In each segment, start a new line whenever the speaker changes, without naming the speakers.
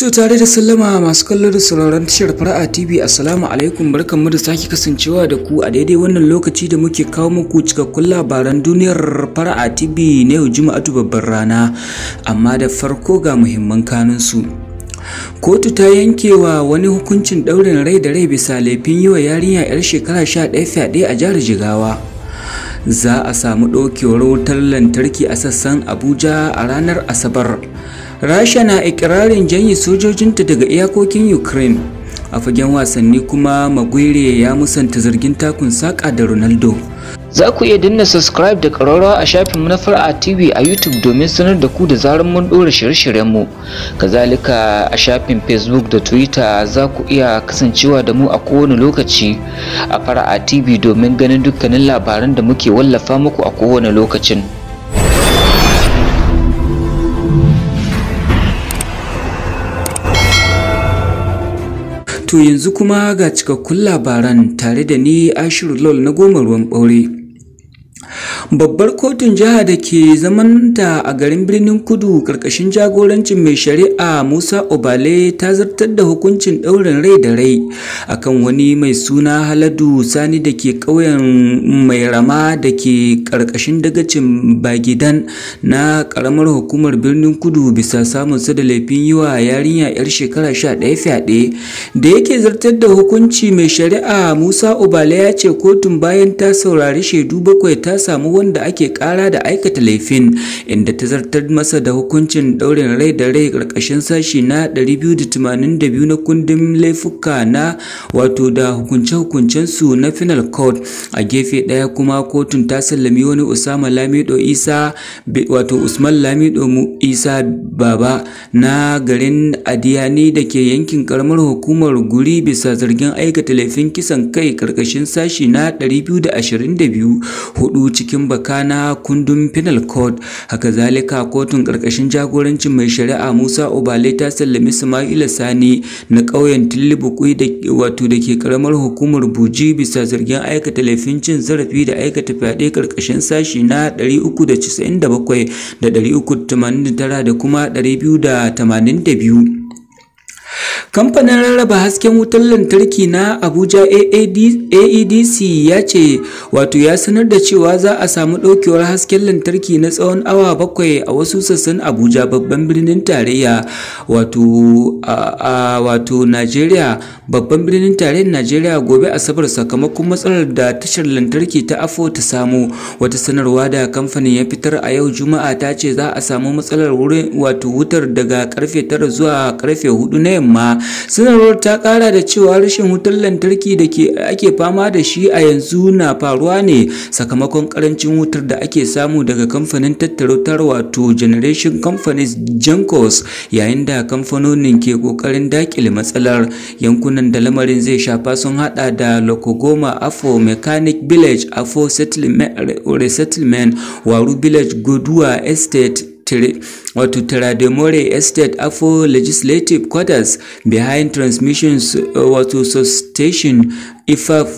To tare da sallama masu kallo da sauraron tashar Fara'a TV Assalamu alaikum barkanmu da sake kasancewa da ku a daidai wannan lokaci da muke kawo muku cikakkun labaran duniyar Fara'a TV na yau Juma'atu babbar rana amma da farko ga muhimman kanun su. Kotu ta yankewa wani hukuncin ɗaurin rai da rai bisa laifin yi wa yarinya 'yar shekara 11 fyaɗe a jihar Jigawa. Za a samu ɗaukewar wutar lantarki a sassan Abuja a ranar Asabar. rasha na ikirarin janye sojojinta daga iyakokin ukraine a fagen wasanni kuma maguire ya musanta zargin takun saka da ronaldo za ku iya dinna subscribe da ƙararrawa a mu na fara tv a youtube domin sanar da ku da zarar mun ɗora shirye shiryen mu kazalika a shafin facebook da twitter za ku iya kasancewa da mu a kowane lokaci a fara tv domin ganin dukkanin labaran da muke wallafa muku a kowane lokacin To yanzu kuma ga cikakkun labaran tare da ni Ashiru Lol na goma ruwan ɓaure. babbar kotun jiha da ke zaman zamanta a garin birnin kudu karkashin jagorancin mai shari'a musa obale ta zartar da hukuncin daurin rai da rai akan wani mai suna haladu sani da ke ƙauyen mai rama da ke karkashin dagacin bagidan na ƙaramar hukumar birnin kudu bisa samun da laifin yiwa wa yarinya 'yar shekara sha ɗaya fyaɗe da yake zartar da hukunci mai shari'a musa obale ya ce kotun bayan ta saurari shaidu bakwai ta samu wanda ake kara da aikata laifin inda ta zartar masa da hukuncin daurin rai da rai karkashin sashi na 282 na kundin laifuka na wato da hukunce-hukuncen su na final court a gefe daya kuma kotun ta sallami wani Usama Lamido Isa wato Usman Lamido Isa baba na garin Adiyani da ke yankin karamar hukumar Guri bisa zargin aikata laifin kisan kai karkashin sashi na 222 hudu cikin baka na kundin Penal Code. Haka zalika kotun karkashin jagorancin mai shari'a Musa Obale ta sallami samaila Sani na ƙauyen Tillibukui da wato da ke karamar hukumar Buji bisa zargin aikata laifin cin zarafi da aikata fyaɗe karkashin sashi na 397 da 389 da kuma 282 kamfanin rarraba hasken wutar lantarki na abuja aedc ya ce wato ya sanar da cewa za a samu ɗaukewar hasken lantarki na tsawon awa bakwai a wasu sassan abuja babban birnin tarayya wato a najeriya babban birnin tarayyar najeriya gobe asabar sakamakon matsalar da tashar lantarki ta afo ta samu wata sanarwa da kamfanin ya fitar a yau juma'a ta ce za a samu matsalar wurin wato wutar daga karfe 9 zuwa karfe 4 na yamma sanarwar ta kara da cewa rashin wutar lantarki da ke ake fama da shi a yanzu na faruwa ne sakamakon karancin wutar da ake samu daga kamfanin tattautar wato generation companies jenkos yayin da kamfanonin ke kokarin dakile matsalar yankunan da lamarin zai shafa sun hada da lokogoma afo mechanic village afo resettlement waru village goduwa estate wato Tirademore Estate Afo Legislative Quarters behind transmissions uh, eh, wato substation Ifaf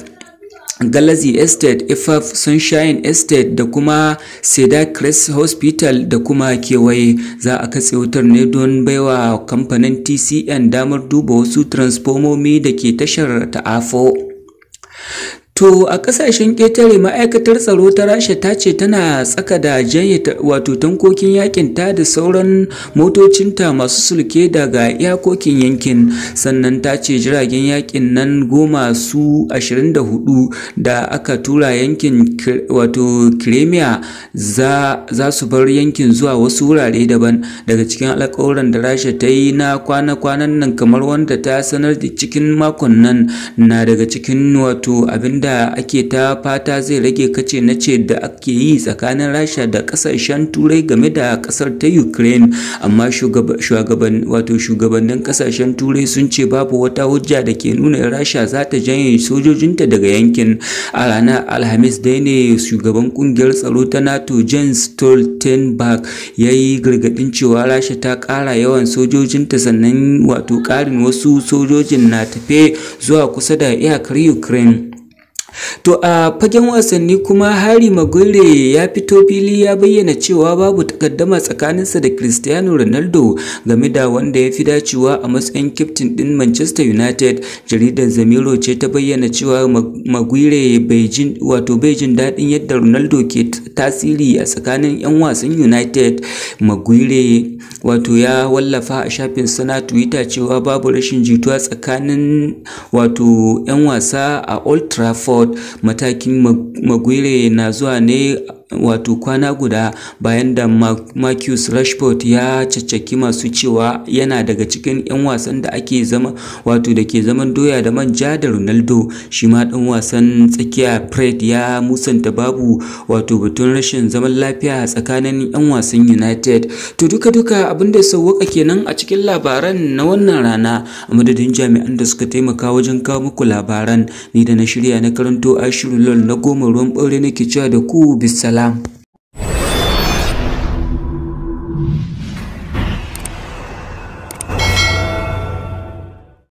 Galazi Estate, Ifaf Sunshine Estate da kuma Seda chris Hospital da kuma kewaye za a katse wutar ne don baiwa kamfanin TCN damar duba wasu transfomomi da ke tashar ta AFO. To a ƙasashen ƙetare ma'aikatar tsaro ta Rasha ta ce tana tsaka da janye wato tankokin yakin ta da sauran motocinta masu sulke daga iyakokin yankin sannan ta ce jiragen yakin nan goma su 24 da aka tura yankin wato Crimea za, su bar yankin zuwa wasu wurare daban daga cikin alƙawuran da Rasha ta yi na kwana-kwanan nan kamar wanda ta sanar da cikin makon nan na daga cikin wato abin da da ake ta fata zai rage kace na ce da ake yi tsakanin rasha da kasashen turai game da kasar ta ukraine amma wato shugabannin kasashen turai sun ce babu wata hujja da ke nuna rasha za ta janye sojojinta daga yankin a ranar alhamis dai ne shugaban kungiyar tsaro ta nato Jens stoltenberg ya yi gargadin cewa rasha ta kara yawan sojojinta sannan wato karin wasu sojojin na tafe zuwa kusa da iyakar ukraine To a fagen wasanni kuma Hari Maguire ya fito fili ya bayyana cewa babu takaddama tsakaninsa da Cristiano Ronaldo game da wanda ya fi dacewa a matsayin captain din Manchester United. Jaridar Zamiro ce ta bayyana cewa Maguire wato bai jin daɗin yadda Ronaldo ke tasiri a tsakanin 'yan wasan United. Maguire wato ya wallafa a shafin sana Twitter cewa babu rashin jituwa tsakanin wato 'yan wasa a Old Trafford Award matakin Maguire na zuwa ne wato kwana guda bayan da Marcus Rashford ya caccaki masu cewa yana daga cikin 'yan wasan da ake zama wato da ke zaman doya da manja da Ronaldo shi ma dan wasan tsakiya Fred ya musanta babu wato batun rashin zaman lafiya tsakanin 'yan wasan United to duka duka abinda da sauwaka kenan a cikin labaran na wannan rana a madadin jami'an da suka taimaka wajen kawo muku labaran ni da na shirya na karanto ashirin lol na goma ruwan ɓaure nake cewa da ku bisala ¡Gracias!